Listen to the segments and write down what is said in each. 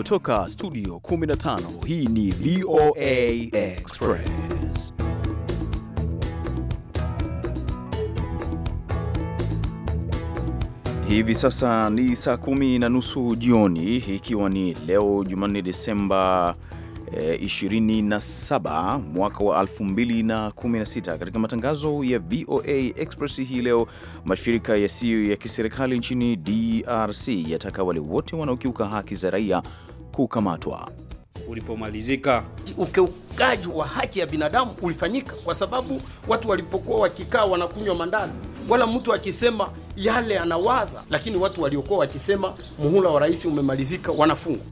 Kutoka studio 15 hii ni VOA Express. Hivi sasa ni saa kumi na nusu jioni, ikiwa ni leo Jumanne Desemba 27 eh, mwaka wa 2016. Katika matangazo ya VOA Express hii leo, mashirika yasiyo ya kiserikali nchini DRC yataka wale wote wanaokiuka haki za raia kukamatwa. Ulipomalizika ukiukaji wa haki ya binadamu ulifanyika, kwa sababu watu walipokuwa wakikaa wanakunywa mandani, wala mtu akisema yale anawaza, lakini watu waliokuwa wakisema muhula wa rais umemalizika wanafungwa.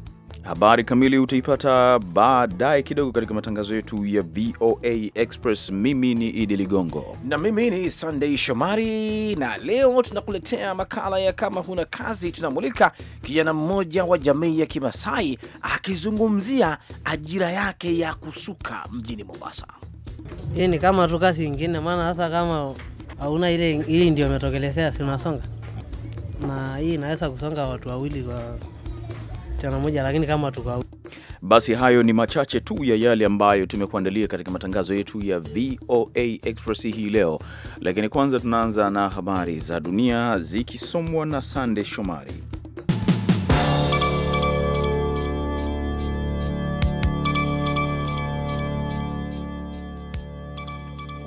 Habari kamili utaipata baadaye kidogo katika matangazo yetu ya VOA Express. Mimi ni Idi Ligongo na mimi ni sandei Shomari, na leo tunakuletea makala ya kama huna kazi. Tunamulika kijana mmoja wa jamii ya Kimasai akizungumzia ajira yake ya kusuka mjini Mombasa. Hii ni kama tu kazi ingine, maana hasa kama hauna ile, hii ndio imetokelezea, si unasonga, na hii inaweza kusonga watu wawili kwa kijana moja, lakini kama tuka basi hayo ni machache tu ya yale ambayo tumekuandalia katika matangazo yetu ya VOA Express hii leo, lakini kwanza tunaanza na habari za dunia zikisomwa na Sande Shomari.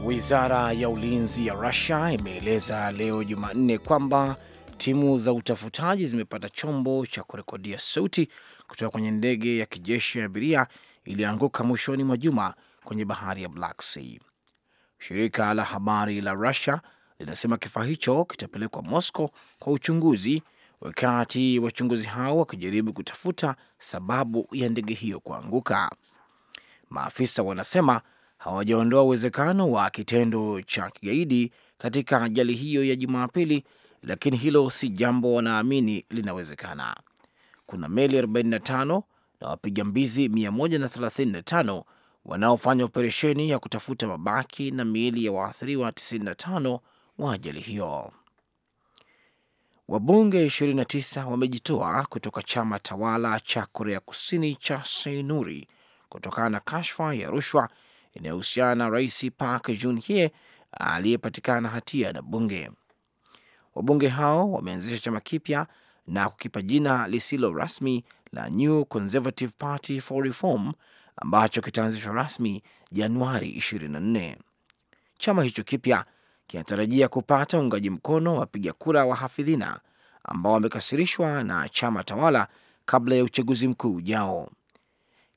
Wizara ya ulinzi ya Rusia imeeleza leo Jumanne kwamba Timu za utafutaji zimepata chombo cha kurekodia sauti kutoka kwenye ndege ya kijeshi ya abiria iliyoanguka mwishoni mwa juma kwenye bahari ya Black Sea. Shirika la habari la Russia linasema kifaa hicho kitapelekwa Moscow kwa uchunguzi, wakati wachunguzi hao wakijaribu kutafuta sababu ya ndege hiyo kuanguka. Maafisa wanasema hawajaondoa uwezekano wa kitendo cha kigaidi katika ajali hiyo ya Jumapili lakini hilo si jambo wanaamini linawezekana. Kuna meli 45 na wapiga mbizi 135 wanaofanya operesheni ya kutafuta mabaki na miili ya waathiriwa 95 wa ajali hiyo. Wabunge 29 wamejitoa kutoka chama tawala cha Korea Kusini cha Seinuri kutokana na kashfa ya rushwa inayohusiana na Rais Park Geun-hye aliyepatikana hatia na bunge. Wabunge hao wameanzisha chama kipya na kukipa jina lisilo rasmi la New Conservative Party for Reform ambacho kitaanzishwa rasmi Januari 24. Chama hicho kipya kinatarajia kupata uungaji mkono wa wapiga kura wa hafidhina ambao wamekasirishwa na chama tawala kabla ya uchaguzi mkuu ujao.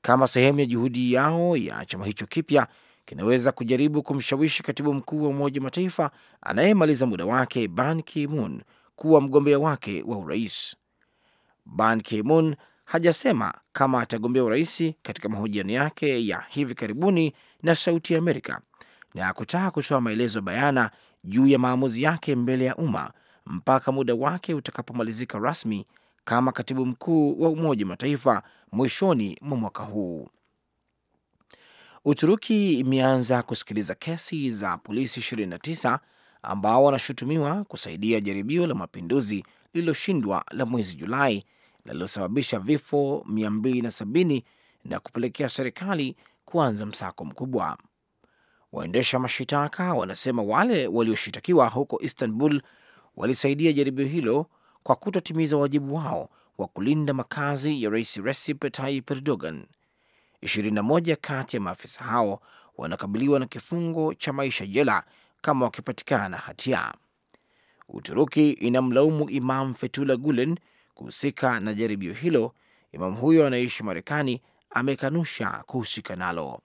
Kama sehemu ya juhudi yao ya chama hicho kipya kinaweza kujaribu kumshawishi katibu mkuu wa Umoja wa Mataifa anayemaliza muda wake Ban Ki-moon kuwa mgombea wake wa urais. Ban Ki-moon hajasema kama atagombea urais katika mahojiano yake ya hivi karibuni na Sauti ya Amerika na akutaka kutoa maelezo bayana juu ya maamuzi yake mbele ya umma mpaka muda wake utakapomalizika rasmi kama katibu mkuu wa Umoja wa Mataifa mwishoni mwa mwaka huu. Uturuki imeanza kusikiliza kesi za polisi 29 ambao wanashutumiwa kusaidia jaribio la mapinduzi lililoshindwa la mwezi Julai lililosababisha vifo 270 na kupelekea serikali kuanza msako mkubwa. Waendesha mashitaka wanasema wale walioshitakiwa huko Istanbul walisaidia jaribio hilo kwa kutotimiza wajibu wao wa kulinda makazi ya rais Recep Tayyip Erdogan 21 kati ya maafisa hao wanakabiliwa na kifungo cha maisha jela kama wakipatikana hatia. Uturuki inamlaumu Imam Fethullah Gulen kuhusika na jaribio hilo. imamu huyo anaishi Marekani amekanusha kuhusika nalo.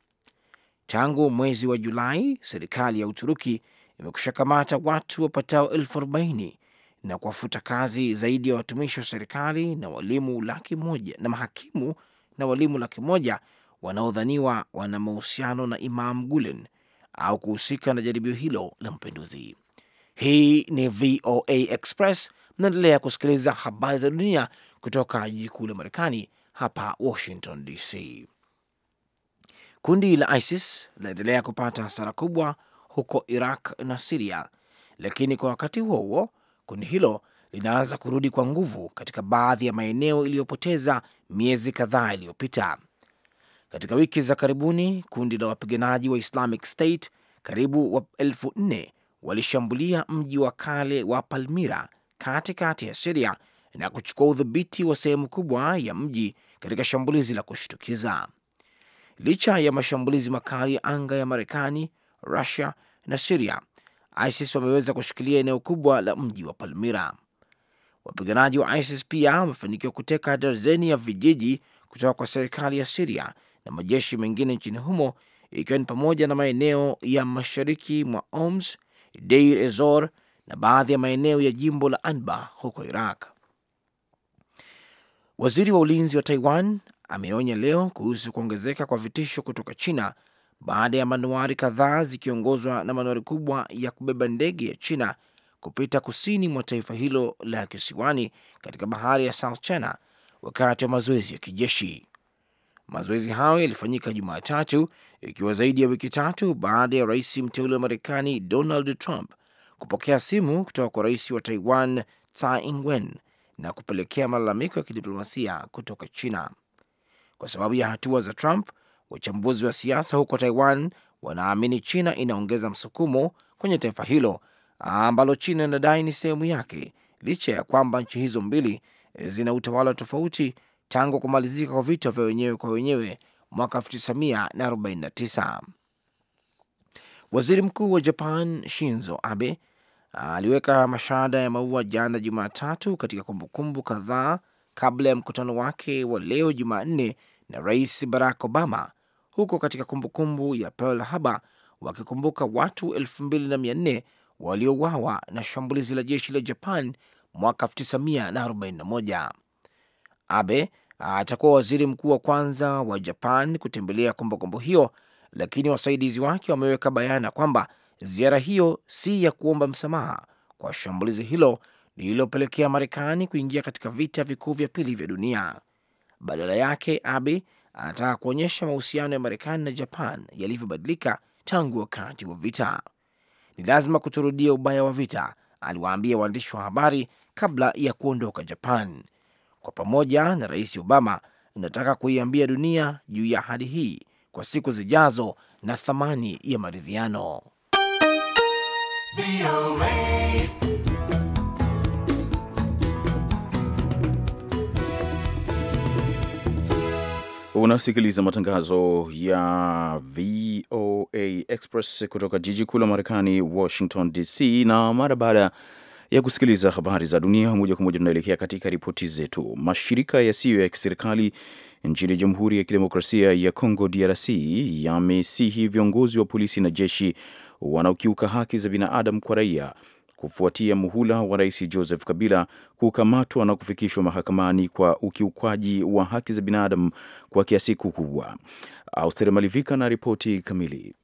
Tangu mwezi wa Julai, serikali ya Uturuki imekusha kamata watu wapatao elfu arobaini na kuwafuta kazi zaidi ya watumishi wa serikali na walimu laki moja na mahakimu na walimu laki moja wanaodhaniwa wana mahusiano na Imam Gulen au kuhusika na jaribio hilo la mapinduzi. Hii ni VOA Express, mnaendelea kusikiliza habari za dunia kutoka jiji kuu la Marekani hapa Washington DC. Kundi la ISIS linaendelea kupata hasara kubwa huko Iraq na Siria, lakini kwa wakati huo huo kundi hilo linaanza kurudi kwa nguvu katika baadhi ya maeneo iliyopoteza miezi kadhaa iliyopita. Katika wiki za karibuni, kundi la wapiganaji wa Islamic State karibu wa elfu nne walishambulia mji wa kale wa Palmira katikati ya Siria na kuchukua udhibiti wa sehemu kubwa ya mji katika shambulizi la kushtukiza. Licha ya mashambulizi makali ya anga ya Marekani, Rusia na Siria, ISIS wameweza kushikilia eneo kubwa la mji wa Palmira. Wapiganaji wa ISIS pia wamefanikiwa kuteka darzeni ya vijiji kutoka kwa serikali ya Siria na majeshi mengine nchini humo ikiwa ni pamoja na maeneo ya mashariki mwa Oms, Deir Ezor na baadhi ya maeneo ya jimbo la anba huko Iraq. Waziri wa ulinzi wa Taiwan ameonya leo kuhusu kuongezeka kwa vitisho kutoka China baada ya manuari kadhaa zikiongozwa na manuari kubwa ya kubeba ndege ya China kupita kusini mwa taifa hilo la kisiwani katika bahari ya South China wakati wa mazoezi ya kijeshi. Mazoezi hayo yalifanyika Jumatatu, ikiwa zaidi ya wiki tatu baada ya rais mteule wa Marekani Donald Trump kupokea simu kutoka kwa rais wa Taiwan Tsai Ing-wen na kupelekea malalamiko ya kidiplomasia kutoka China kwa sababu ya hatua za Trump. Wachambuzi wa siasa huko Taiwan wanaamini China inaongeza msukumo kwenye taifa hilo ambalo China inadai ni sehemu yake, licha ya kwamba nchi hizo mbili zina utawala tofauti tangu kumalizika kwa vita vya wenyewe kwa wenyewe mwaka 1949. Waziri mkuu wa Japan Shinzo Abe aliweka mashada ya maua jana Jumatatu katika kumbukumbu kadhaa kabla ya mkutano wake wa leo Jumanne na Rais Barack Obama huko katika kumbukumbu ya Pearl Harbor wakikumbuka watu 24 waliowawa na waliouawa na shambulizi la jeshi la Japan mwaka 1941. Abe atakuwa waziri mkuu wa kwanza wa Japan kutembelea kumbukumbu hiyo, lakini wasaidizi wake wameweka bayana kwamba ziara hiyo si ya kuomba msamaha kwa shambulizi hilo lililopelekea Marekani kuingia katika vita vikuu vya pili vya dunia. Badala yake, Abe anataka kuonyesha mahusiano ya Marekani na Japan yalivyobadilika tangu wakati wa vita. Ni lazima kuturudia ubaya wa vita, aliwaambia waandishi wa habari kabla ya kuondoka Japan kwa pamoja na Rais Obama inataka kuiambia dunia juu ya hali hii kwa siku zijazo na thamani ya maridhiano. Unasikiliza matangazo ya VOA Express kutoka jiji kuu la Marekani, Washington DC. Na mara baada ya kusikiliza habari za dunia. Moja kwa moja tunaelekea katika ripoti zetu. Mashirika yasiyo ya kiserikali nchini Jamhuri ya Kidemokrasia ya congo DRC, yamesihi viongozi wa polisi na jeshi wanaokiuka haki za binadamu kwa raia kufuatia muhula wa Rais Joseph Kabila kukamatwa na kufikishwa mahakamani kwa ukiukwaji wa haki za binadamu kwa kiasi kikubwa. Auster Malivika na ripoti kamili.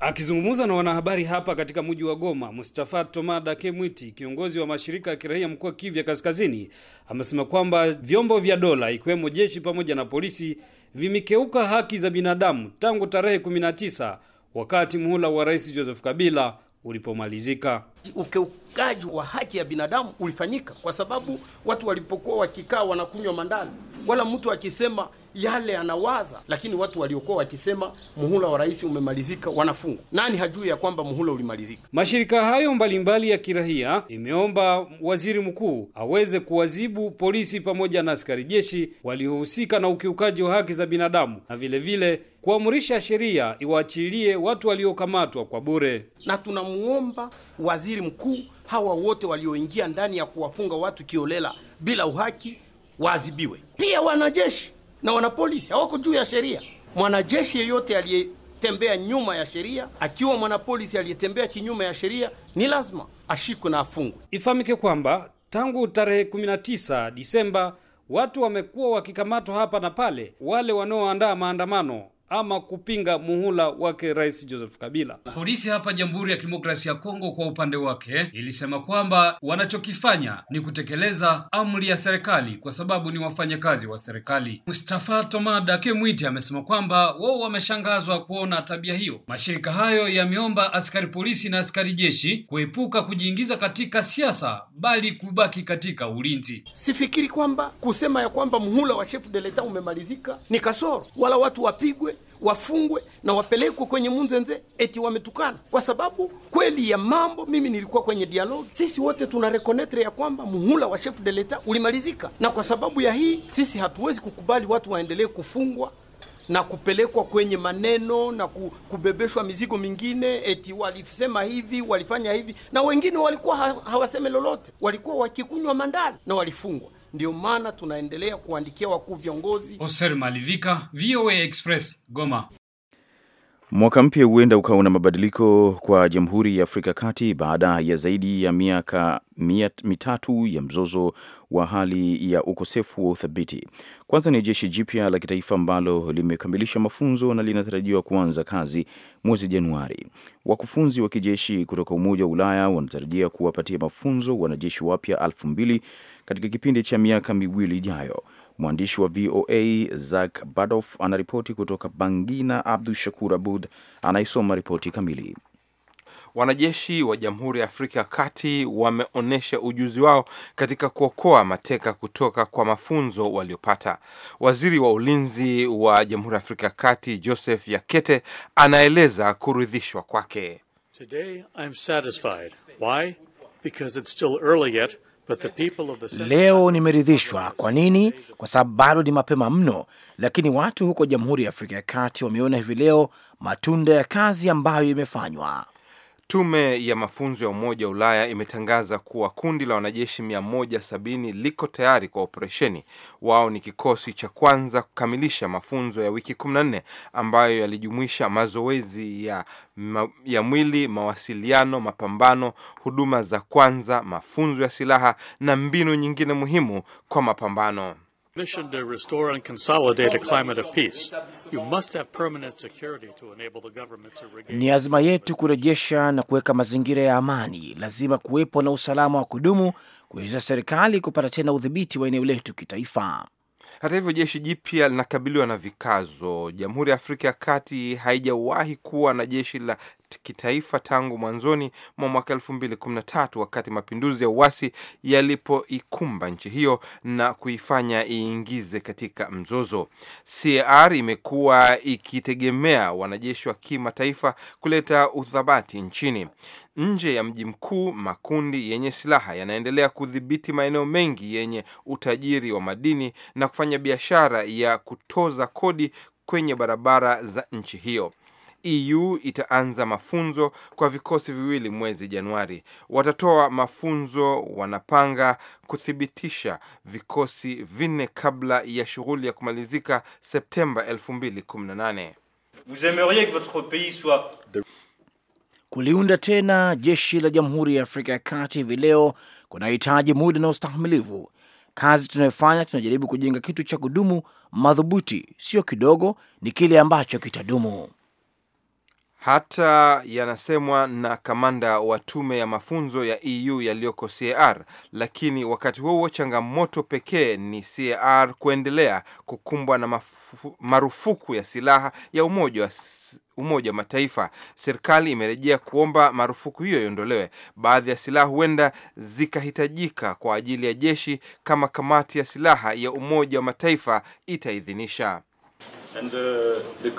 Akizungumza na wanahabari hapa katika mji wa Goma, Mustafa Tomada Kemwiti, kiongozi wa mashirika ya kiraia mkoa Kivu ya Kaskazini, amesema kwamba vyombo vya dola ikiwemo jeshi pamoja na polisi vimekeuka haki za binadamu tangu tarehe 19 wakati muhula wa Rais Joseph Kabila ulipomalizika. Ukeukaji wa haki ya binadamu ulifanyika kwa sababu watu walipokuwa wakikaa wanakunywa mandala wala mtu akisema yale anawaza, lakini watu waliokuwa wakisema muhula wa rais umemalizika wanafungwa. Nani hajui ya kwamba muhula ulimalizika? Mashirika hayo mbalimbali ya kirahia imeomba waziri mkuu aweze kuwazibu polisi pamoja na askari jeshi waliohusika na ukiukaji wa haki za binadamu na vile vile kuamrisha sheria iwaachilie watu waliokamatwa kwa bure. Na tunamuomba waziri mkuu, hawa wote walioingia ndani ya kuwafunga watu kiolela bila uhaki waadhibiwe, pia wanajeshi na wanapolisi hawako juu ya sheria. Mwanajeshi yeyote aliyetembea nyuma ya sheria, akiwa mwanapolisi aliyetembea kinyume ya sheria, ni lazima ashikwe na afungwe. Ifahamike kwamba tangu tarehe 19 Disemba watu wamekuwa wakikamatwa hapa na pale, wale wanaoandaa maandamano ama kupinga muhula wake Rais Joseph Kabila. Polisi hapa Jamhuri ya Kidemokrasia ya Kongo kwa upande wake ilisema kwamba wanachokifanya ni kutekeleza amri ya serikali kwa sababu ni wafanyakazi wa serikali. Mustafa Tomada Kemwiti amesema kwamba wao wameshangazwa kuona tabia hiyo. Mashirika hayo yameomba askari polisi na askari jeshi kuepuka kujiingiza katika siasa, bali kubaki katika ulinzi. Sifikiri kwamba kusema ya kwamba muhula wa chef de l'etat umemalizika ni kasoro, wala watu wapigwe wafungwe na wapelekwe kwenye Munzenze eti wametukana. Kwa sababu kweli ya mambo, mimi nilikuwa kwenye dialogue, sisi wote tuna rekonetre ya kwamba muhula wa chef de l'etat ulimalizika, na kwa sababu ya hii sisi hatuwezi kukubali watu waendelee kufungwa na kupelekwa kwenye maneno na kubebeshwa mizigo mingine, eti walisema hivi, walifanya hivi, na wengine walikuwa hawaseme lolote, walikuwa wakikunywa mandali na walifungwa. Ndio maana tunaendelea kuandikia wakuu viongozi. Oser Malivika, VOA Express, Goma. Mwaka mpya huenda ukawa na mabadiliko kwa Jamhuri ya Afrika Kati baada ya zaidi ya miaka miat, mitatu ya mzozo wa hali ya ukosefu wa uthabiti. Kwanza ni jeshi jipya la kitaifa ambalo limekamilisha mafunzo na linatarajiwa kuanza kazi mwezi Januari. Wakufunzi wa kijeshi kutoka Umoja wa Ulaya wanatarajia kuwapatia mafunzo wanajeshi wapya elfu mbili katika kipindi cha miaka miwili ijayo. Mwandishi wa VOA Zak Badof anaripoti kutoka Bangina. Abdu Shakur Abud anaisoma ripoti kamili. Wanajeshi wa Jamhuri ya Afrika ya Kati wameonyesha ujuzi wao katika kuokoa mateka kutoka kwa mafunzo waliopata. Waziri wa ulinzi wa Jamhuri ya Afrika ya Kati Joseph Yakete anaeleza kuridhishwa kwake. Today I'm satisfied. Why? Because it's still early yet. Leo nimeridhishwa. Kwa nini? Kwa sababu bado ni mapema mno, lakini watu huko Jamhuri ya Afrika ya Kati wameona hivi leo matunda ya kazi ambayo imefanywa. Tume ya mafunzo ya Umoja wa Ulaya imetangaza kuwa kundi la wanajeshi 170 liko tayari kwa operesheni. Wao ni kikosi cha kwanza kukamilisha mafunzo ya wiki 14 ambayo yalijumuisha mazoezi ya, ya mwili, mawasiliano, mapambano, huduma za kwanza, mafunzo ya silaha na mbinu nyingine muhimu kwa mapambano. Mission to restore and consolidate a climate of peace. You must have permanent security to enable the government to regain. Ni azma yetu kurejesha na kuweka mazingira ya amani. Lazima kuwepo na usalama wa kudumu kuweza serikali kupata tena udhibiti wa eneo letu kitaifa. Hata hivyo jeshi jipya linakabiliwa na vikazo. Jamhuri ya Afrika ya Kati haijawahi kuwa na jeshi la kitaifa tangu mwanzoni mwa mwaka 2013 wakati mapinduzi ya uasi yalipoikumba nchi hiyo na kuifanya iingize katika mzozo. CAR imekuwa ikitegemea wanajeshi wa kimataifa kuleta uthabati nchini. Nje ya mji mkuu, makundi yenye silaha yanaendelea kudhibiti maeneo mengi yenye utajiri wa madini na kufanya biashara ya kutoza kodi kwenye barabara za nchi hiyo. EU itaanza mafunzo kwa vikosi viwili mwezi Januari. Watatoa mafunzo, wanapanga kuthibitisha vikosi vinne kabla ya shughuli ya kumalizika Septemba 2018. Vous aimeriez que votre pays soit Kuliunda tena jeshi la Jamhuri ya Afrika ya Kati hivi leo kunahitaji muda na ustahimilivu. Kazi tunayofanya, tunajaribu kujenga kitu cha kudumu madhubuti, sio kidogo, ni kile ambacho kitadumu hata yanasemwa na kamanda wa tume ya mafunzo ya EU yaliyoko CAR, lakini wakati huo huo changamoto pekee ni CAR kuendelea kukumbwa na mafu, marufuku ya silaha ya Umoja wa Umoja Mataifa. Serikali imerejea kuomba marufuku hiyo iondolewe. Baadhi ya silaha huenda zikahitajika kwa ajili ya jeshi kama kamati ya silaha ya Umoja wa Mataifa itaidhinisha And, uh, the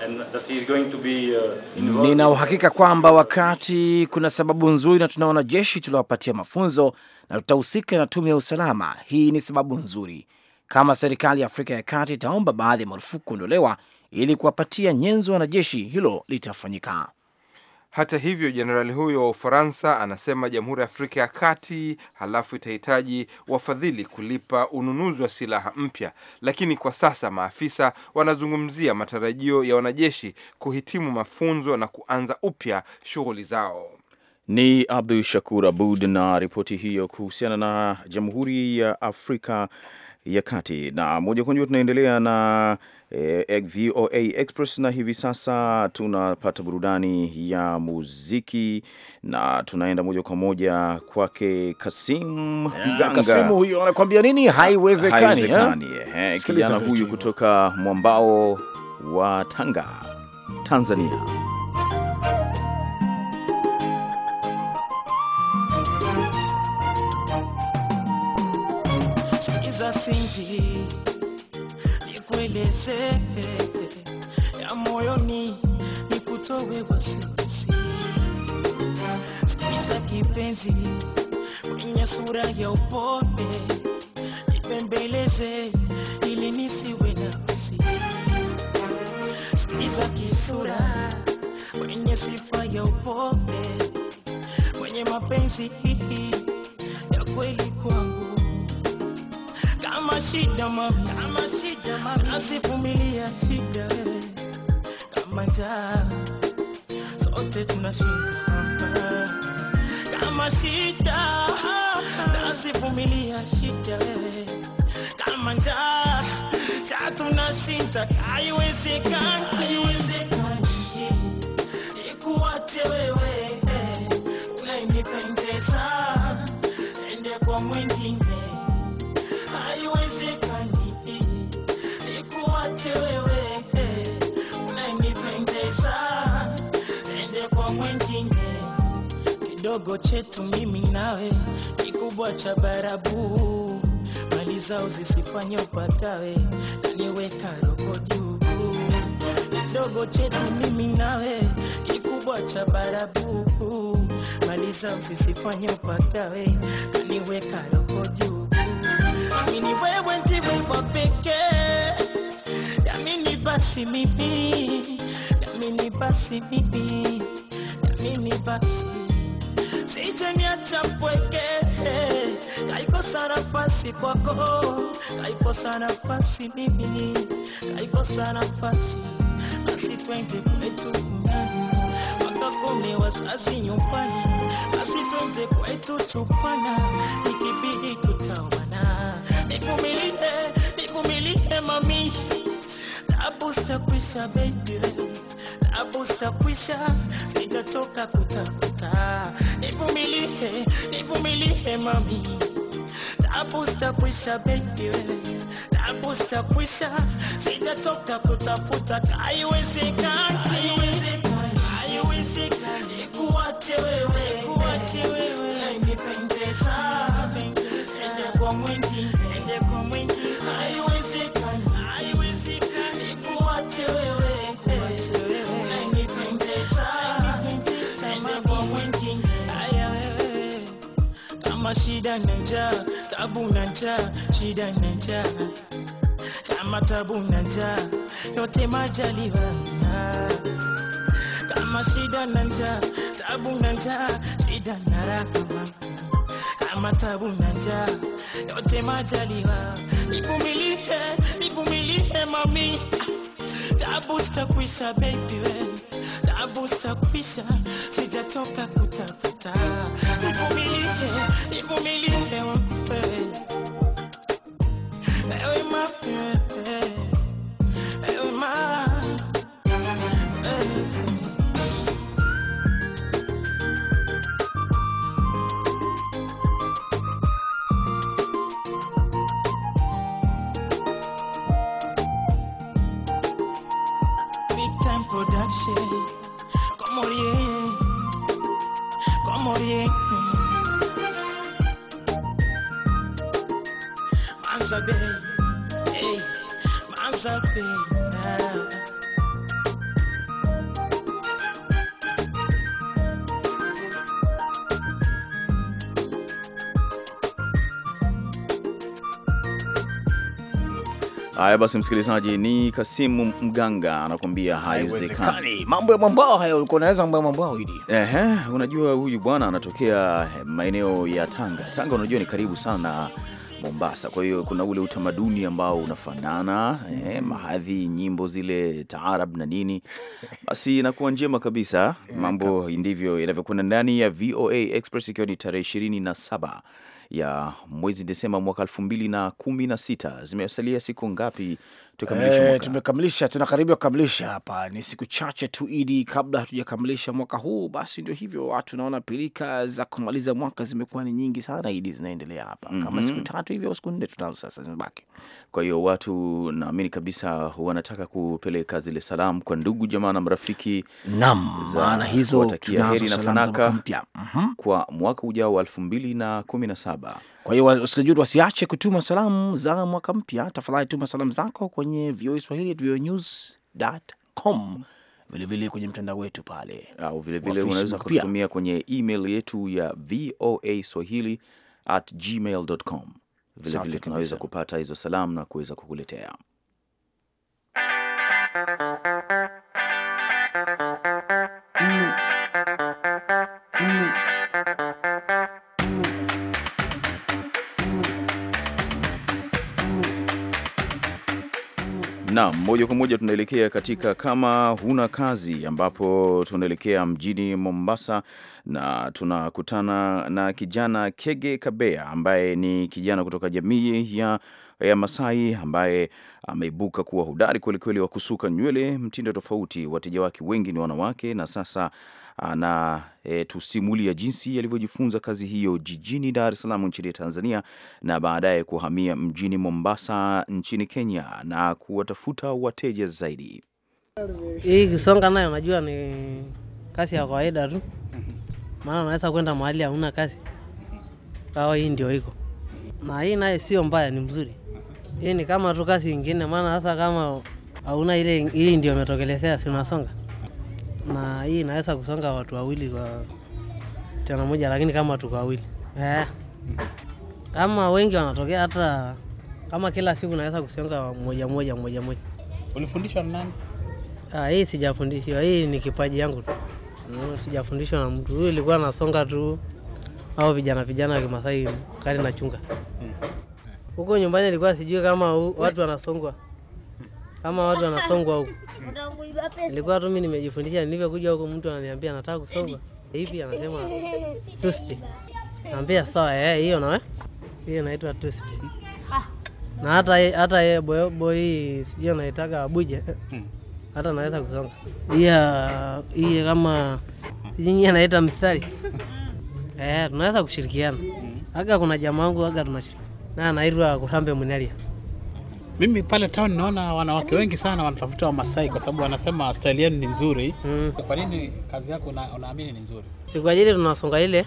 Uh, Nina uhakika kwamba wakati kuna sababu nzuri na tuna wanajeshi tuliwapatia mafunzo na tutahusika na tume ya usalama. Hii ni sababu nzuri. Kama serikali ya Afrika ya Kati itaomba baadhi ya marufuku kuondolewa ili kuwapatia nyenzo wanajeshi, hilo litafanyika. Hata hivyo, jenerali huyo wa Ufaransa anasema Jamhuri ya Afrika ya Kati halafu itahitaji wafadhili kulipa ununuzi wa silaha mpya, lakini kwa sasa maafisa wanazungumzia matarajio ya wanajeshi kuhitimu mafunzo na kuanza upya shughuli zao. Ni Abdu Shakur Abud na ripoti hiyo kuhusiana na Jamhuri ya Afrika ya Kati. Na moja kwa moja tunaendelea na E, eh, VOA Express na hivi sasa tunapata burudani ya muziki na tunaenda moja kwa moja kwake Kasim Ganga. Kasim huyu anakuambia nini? Haiwezekani, eh? haiwezekani. kijana huyu kutoka mwambao wa Tanga, Tanzania nieleze ya moyoni nikutowe wasiwasi. Sikiza kipenzi kwenye sura ya upole, nipembeleze ili nisiwe na wasi. Sikiza kisura kwenye sifa ya upole, kwenye mapenzi ya kweli kwangu kama shida mami, kama shida mami, asivumilia shida wewe kama njaa, sote tuna shida mama, kama shida nasivumilia shida wewe kama njaa, cha tuna shida, haiwezekani, haiwezekani ikuache wewe kidogo chetu mimi nawe, kikubwa cha barabu, mali zao zisifanye upatawe, naniweka roho juu. Kidogo chetu mimi nawe, kikubwa cha barabu, mali zao zisifanye upatawe, naniweka roho juu. Amini wewe ndiwe kwa pekee, amini basi mimi, amini basi mimi, amini basi Nilijengea pweke, kaikosa eh. nafasi kwako, kaikosa nafasi mimi, kaikosa nafasi basi twende kwetu kunyani, wakakome wazazi nyumbani, basi twende kwetu tupana, ikibidi tutawana. Nikumilie, nikumilie mami, tabu sitakwisha baby, tabu sitakwisha, sijatoka kutafuta nivumilie, nivumilie mami, tabu zitakwisha baby tabu zitakwisha, sijatoka kutafuta, haiwezekani, haiwezekani, haiwezekani nikuache wewe, nikuache wewe, nipendeza, nende kwa mwingine shida na njaa, tabu na njaa, shida na njaa, kama tabu na njaa, yote majaliwa kama shida na njaa, tabu na njaa, shida na rahama, kama tabu na njaa, yote majaliwa. Nivumilie, nivumilie mami, tabu sitakwisha baby wewe tabu sitakwisha, sijatoka kutafuta, nivumilie people may leave. Manza Bay, hey, Manza Bay. Haya basi, msikilizaji, ni Kasimu Mganga anakuambia haiwezekani. Mambo ya mwambao hayo, ulikuwa unaweza mambo ya mwambao hili. Ehe, unajua huyu bwana anatokea maeneo ya Tanga. Tanga unajua ni karibu sana Mombasa. Kwa hiyo kuna ule utamaduni ambao unafanana eh, mahadhi, nyimbo zile taarab na nini, basi inakuwa njema kabisa. Eh, mambo ndivyo yanavyokwenda ndani ya VOA Express, ikiwa ni tarehe ishirini na saba ya mwezi Desemba mwaka elfu mbili na kumi na sita. Zimesalia siku ngapi Eh, tumekamilisha, tunakaribia kukamilisha hapa. Ni siku chache tu idi kabla hatujakamilisha mwaka huu. Basi ndio hivyo, watu ah, naona pilika za kumaliza mwaka zimekuwa ni nyingi sana, idi zinaendelea hapa mm -hmm. kama mhm. siku tatu hivyo siku nne tunazo sasa zimebaki. Kwa hiyo watu naamini kabisa wanataka kupeleka zile salamu kwa ndugu jamaa na marafiki, naam, maana hizo watakia heri na fanaka mpya mm -hmm. kwa mwaka ujao wa elfu mbili na kumi na saba. Kwa hiyo wasikilizaji wasiache kutuma salamu za mwaka mpya, tafadhali tuma salamu zako kwa kwenye VOA Swahili at VOA News com vilevile kwenye mtandao wetu pale, au vilevile unaweza kututumia kwenye email yetu ya voa swahili at gmail com. Vilevile tunaweza kupata hizo salamu na kuweza kukuletea Naam, moja kwa moja tunaelekea katika kama huna kazi, ambapo tunaelekea mjini Mombasa na tunakutana na kijana Kege Kabea ambaye ni kijana kutoka jamii ya ya Masai ambaye ameibuka kuwa hodari kwelikweli wa kusuka nywele mtindo tofauti. Wateja wake wengi ni wanawake, na sasa anatusimulia e, jinsi yalivyojifunza kazi hiyo jijini Dar es Salaam nchini Tanzania, na baadaye kuhamia mjini Mombasa nchini Kenya na kuwatafuta wateja zaidi. Hii kisonga nayo najua ni kazi ya kawaida tu, maana unaweza kwenda mahali hauna kazi kawa, hii ndio iko na hii naye sio mbaya, ni mzuri. Hii ni kama tu kazi ingine, maana hasa kama hauna ile hii ndio umetokelezea, si unasonga, na hii inaweza kusonga watu wawili kwa tena moja, lakini kama watu wawili eh, kama wengi wanatokea, hata kama kila siku naweza kusonga moja moja moja moja. Ulifundishwa na nani? Ah, hii sijafundishwa, hii ni kipaji yangu tu. Mm, sijafundishwa na mtu. Huyu ilikuwa nasonga tu au vijana vijana wa Kimasai kali chunga mm huko nyumbani alikuwa sijui kama u, watu wanasongwa kama watu wanasongwa huko. Nilikuwa tu mimi nimejifundisha, nilivyokuja huko mtu ananiambia nataka kusonga hivi, anasema twist. naambia sawa, eh, hiyo na hiyo inaitwa twist. Na hata hata yeye boy, boy sijui anaitaga abuje hata naweza kusonga hiyo hiyo, kama sijui anaita mstari eh, tunaweza kushirikiana. Aga kuna jamaa wangu aga tunashirikiana na anaitwa Kurambe Munelia. Mimi pale town naona wanawake wengi sana wanatafuta Wamasai kwa sababu wanasema style yenu ni nzuri mm. Kwa nini kazi yako unaamini ni nzuri? Siku ajili tunasonga ile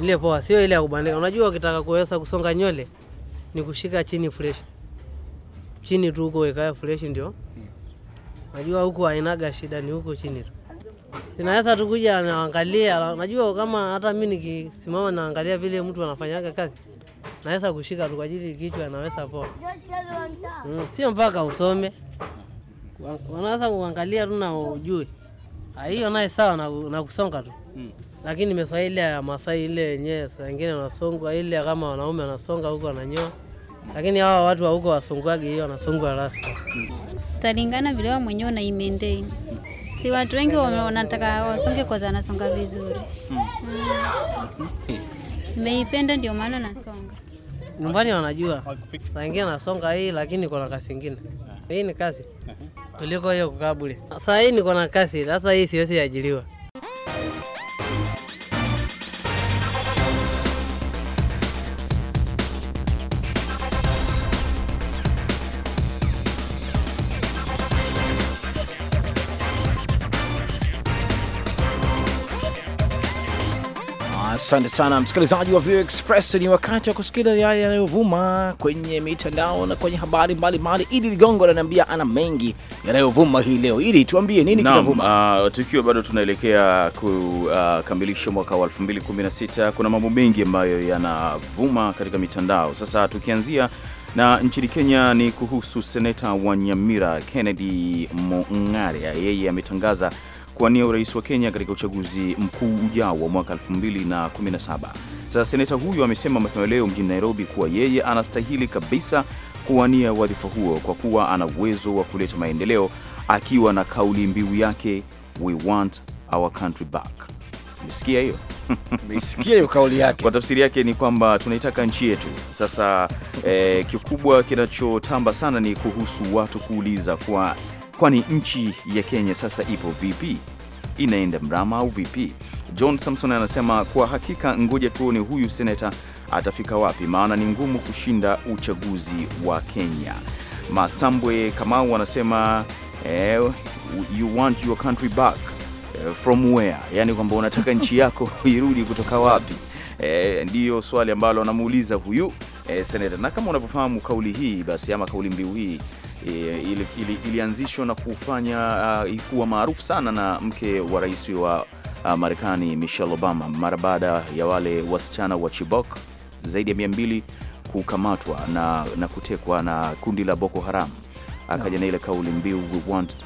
ile poa, sio ile ya kubandika. Unajua, ukitaka kuweza kusonga nywele ni kushika chini fresh chini tu huko, ikae fresh ndio. Unajua huko hainaga shida, ni huko chini tu tu kuja naangalia. Unajua kama hata mimi nikisimama naangalia vile mtu anafanyaga kazi naweza kushika tu kwa ajili kichwa, naweza poa. Mm, sio mpaka usome, wanaweza kuangalia tu na ujue ah, hiyo naye sawa na, na kusonga tu mm. Lakini Kiswahili ya Masai ile yenyewe saa nyingine wanasongwa ile kama wanaume wanasonga huko wananyoa, lakini hawa watu wa huko wasongwagi hiyo wanasongwa rasta mm. Talingana vile wao mwenyewe na imendei si watu wengi wanataka wasonge kwa anasonga vizuri mm. mm. Mm. Nimeipenda ndio maana nasonga nyumbani wanajua, naingia nasonga hii, lakini kuna kazi kasi ingine. Eh. Hii ni kazi eh, kuliko hiyo kukaa bule Sasa hii niko na kasi sasa, hii siwezi ajiliwa Asante sana msikilizaji wa VOA Express, ni wakati wa kusikiliza yale yanayovuma kwenye mitandao na kwenye habari mbalimbali. Idi Ligongo ananiambia ana mengi yanayovuma hii leo. Ili tuambie nini kinavuma? Uh, ah, tukiwa bado tunaelekea ah, kukamilisha uh, mwaka wa 2016 kuna mambo mengi ambayo yanavuma katika mitandao. Sasa tukianzia na nchini Kenya ni kuhusu seneta wa Nyamira Kennedy Mong'aria, yeye ametangaza kuwania urais wa Kenya katika uchaguzi mkuu ujao wa mwaka 2017. Sasa seneta huyo amesema mapema leo mjini Nairobi kuwa yeye anastahili kabisa kuwania wadhifa huo kwa kuwa ana uwezo wa kuleta maendeleo, akiwa na kauli mbiu yake we want our country back. Umesikia hiyo? Umesikia hiyo kauli yake? Kwa tafsiri yake ni kwamba tunaitaka nchi yetu. Sasa eh, kikubwa kinachotamba sana ni kuhusu watu kuuliza kwa Kwani nchi ya Kenya sasa ipo vipi? Inaenda mrama au vipi? John Samson anasema kwa hakika, ngoja tuone huyu seneta atafika wapi, maana ni ngumu kushinda uchaguzi wa Kenya. Masambwe Kamau anasema eh, you want your country back eh, from where? Yani kwamba unataka nchi yako irudi kutoka wapi? Eh, ndiyo swali ambalo anamuuliza huyu eh, seneta. Na kama unavyofahamu kauli hii basi, ama kauli mbiu hii E, ili, ili, ilianzishwa na kufanya uh, kuwa maarufu sana na mke wa rais wa uh, Marekani Michelle Obama mara baada ya wale wasichana wa Chibok zaidi ya mia mbili kukamatwa na, na kutekwa na kundi la Boko Haram, akaja na ile kauli mbiu we want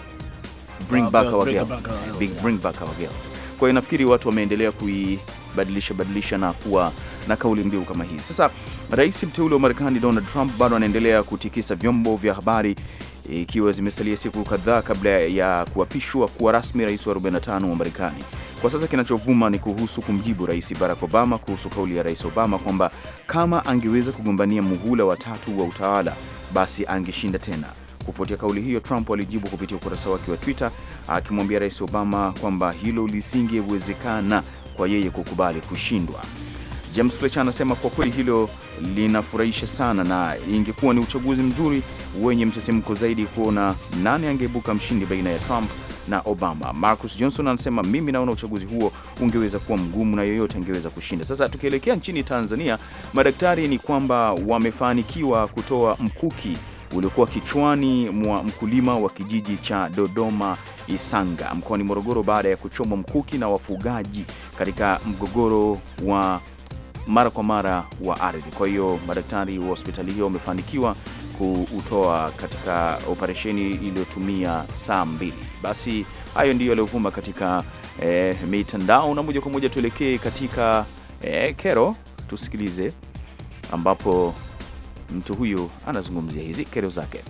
bring uh, back our girls, big bring back our girls. Kwa hiyo nafikiri watu wameendelea kuibadilisha badilisha na kuwa na kauli mbiu kama hii. Sasa rais mteule wa Marekani Donald Trump bado anaendelea kutikisa vyombo vya habari ikiwa zimesalia siku kadhaa kabla ya kuapishwa kuwa rasmi rais wa 45 wa Marekani. Kwa sasa kinachovuma ni kuhusu kumjibu rais Barack Obama kuhusu kauli ya rais Obama kwamba kama angeweza kugombania muhula wa tatu wa utawala basi angeshinda tena. Kufuatia kauli hiyo, Trump alijibu kupitia ukurasa wake wa Twitter akimwambia rais Obama kwamba hilo lisingewezekana kwa yeye kukubali kushindwa. James Fletcher anasema kwa kweli hilo linafurahisha sana, na ingekuwa ni uchaguzi mzuri wenye msisimko zaidi kuona nani angeibuka mshindi baina ya Trump na Obama. Marcus Johnson anasema mimi naona uchaguzi huo ungeweza kuwa mgumu na yoyote angeweza kushinda. Sasa tukielekea nchini Tanzania, madaktari ni kwamba wamefanikiwa kutoa mkuki uliokuwa kichwani mwa mkulima wa kijiji cha Dodoma Isanga mkoani Morogoro baada ya kuchomwa mkuki na wafugaji katika mgogoro wa mara kwa mara wa ardhi. Kwa hiyo madaktari wa hospitali hiyo wamefanikiwa kuutoa katika operesheni iliyotumia saa mbili. Basi hayo ndiyo yaliyovuma katika eh, mitandao, na moja kwa moja tuelekee katika eh, kero, tusikilize ambapo mtu huyu anazungumzia hizi kero zake.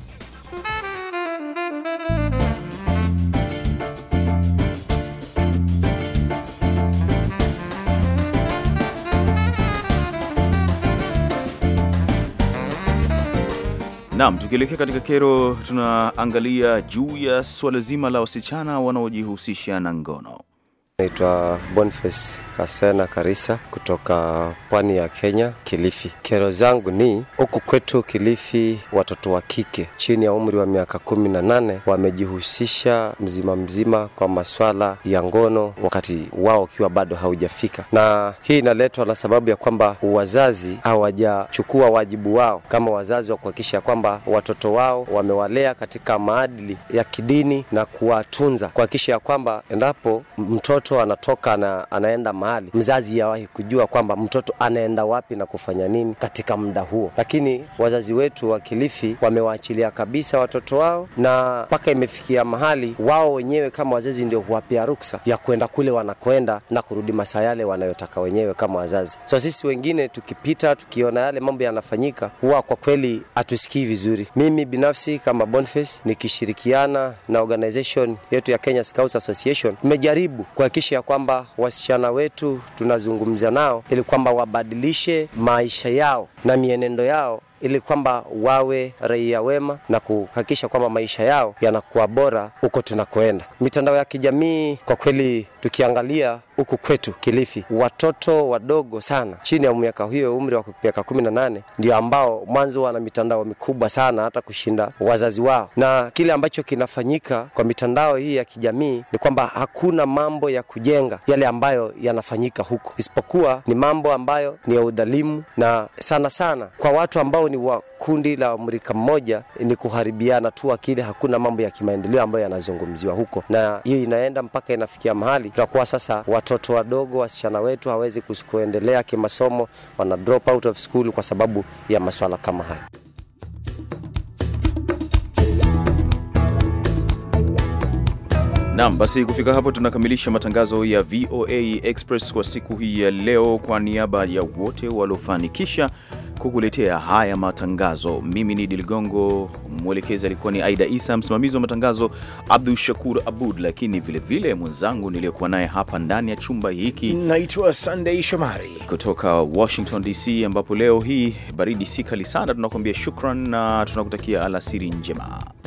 Naam, tukielekea katika kero, tunaangalia juu ya swala zima la wasichana wanaojihusisha na ngono. Naitwa Boniface Kasena Karisa kutoka pwani ya Kenya, Kilifi. Kero zangu ni huku kwetu Kilifi, watoto wa kike chini ya umri wa miaka kumi na nane wamejihusisha mzima mzima kwa maswala ya ngono wakati wao ukiwa bado haujafika, na hii inaletwa na sababu ya kwamba wazazi hawajachukua wajibu wao kama wazazi wa kuhakikisha kwamba watoto wao wamewalea katika maadili ya kidini na kuwatunza, kuhakikisha ya kwamba endapo mtoto mtoto anatoka na anaenda mahali, mzazi yawahi kujua kwamba mtoto anaenda wapi na kufanya nini katika muda huo. Lakini wazazi wetu wa Kilifi wamewaachilia kabisa watoto wao, na mpaka imefikia mahali wao wenyewe kama wazazi ndio huwapia ruksa ya kwenda kule wanakwenda na kurudi masaa yale wanayotaka wenyewe kama wazazi. So sisi wengine tukipita, tukiona yale mambo yanafanyika, huwa kwa kweli hatusikii vizuri. Mimi binafsi kama Boniface nikishirikiana na organization yetu ya Kenya Scouts Association tumejaribu kwa kuhakikisha ya kwamba wasichana wetu tunazungumza nao ili kwamba wabadilishe maisha yao na mienendo yao ili kwamba wawe raia wema na kuhakikisha kwamba maisha yao yanakuwa bora huko tunakoenda. Mitandao ya kijamii kwa kweli tukiangalia huku kwetu Kilifi, watoto wadogo sana chini ya miaka hiyo, umri wa miaka kumi na nane ndio ambao mwanzo wana mitandao mikubwa sana hata kushinda wazazi wao. Na kile ambacho kinafanyika kwa mitandao hii ya kijamii ni kwamba hakuna mambo ya kujenga yale ambayo yanafanyika huko, isipokuwa ni mambo ambayo ni ya udhalimu, na sana sana kwa watu ambao ni wa kundi la mrika mmoja ni kuharibiana tu akili, hakuna mambo ya kimaendeleo ambayo yanazungumziwa huko, na hiyo inaenda mpaka inafikia mahali tunakuwa sasa, watoto wadogo, wasichana wetu hawezi kuendelea kimasomo, wana drop out of school kwa sababu ya maswala kama haya. Nam, basi kufika hapo tunakamilisha matangazo ya VOA Express kwa siku hii ya leo. Kwa niaba ya wote waliofanikisha kukuletea haya matangazo. Mimi ni Diligongo, Ligongo, mwelekezi alikuwa ni Aida Isa, msimamizi wa matangazo Abdu Shakur Abud, lakini vilevile mwenzangu niliyokuwa naye hapa ndani ya chumba hiki naitwa sandei Shomari kutoka Washington DC, ambapo leo hii baridi si kali sana. Tunakuambia shukran na tunakutakia alasiri njema.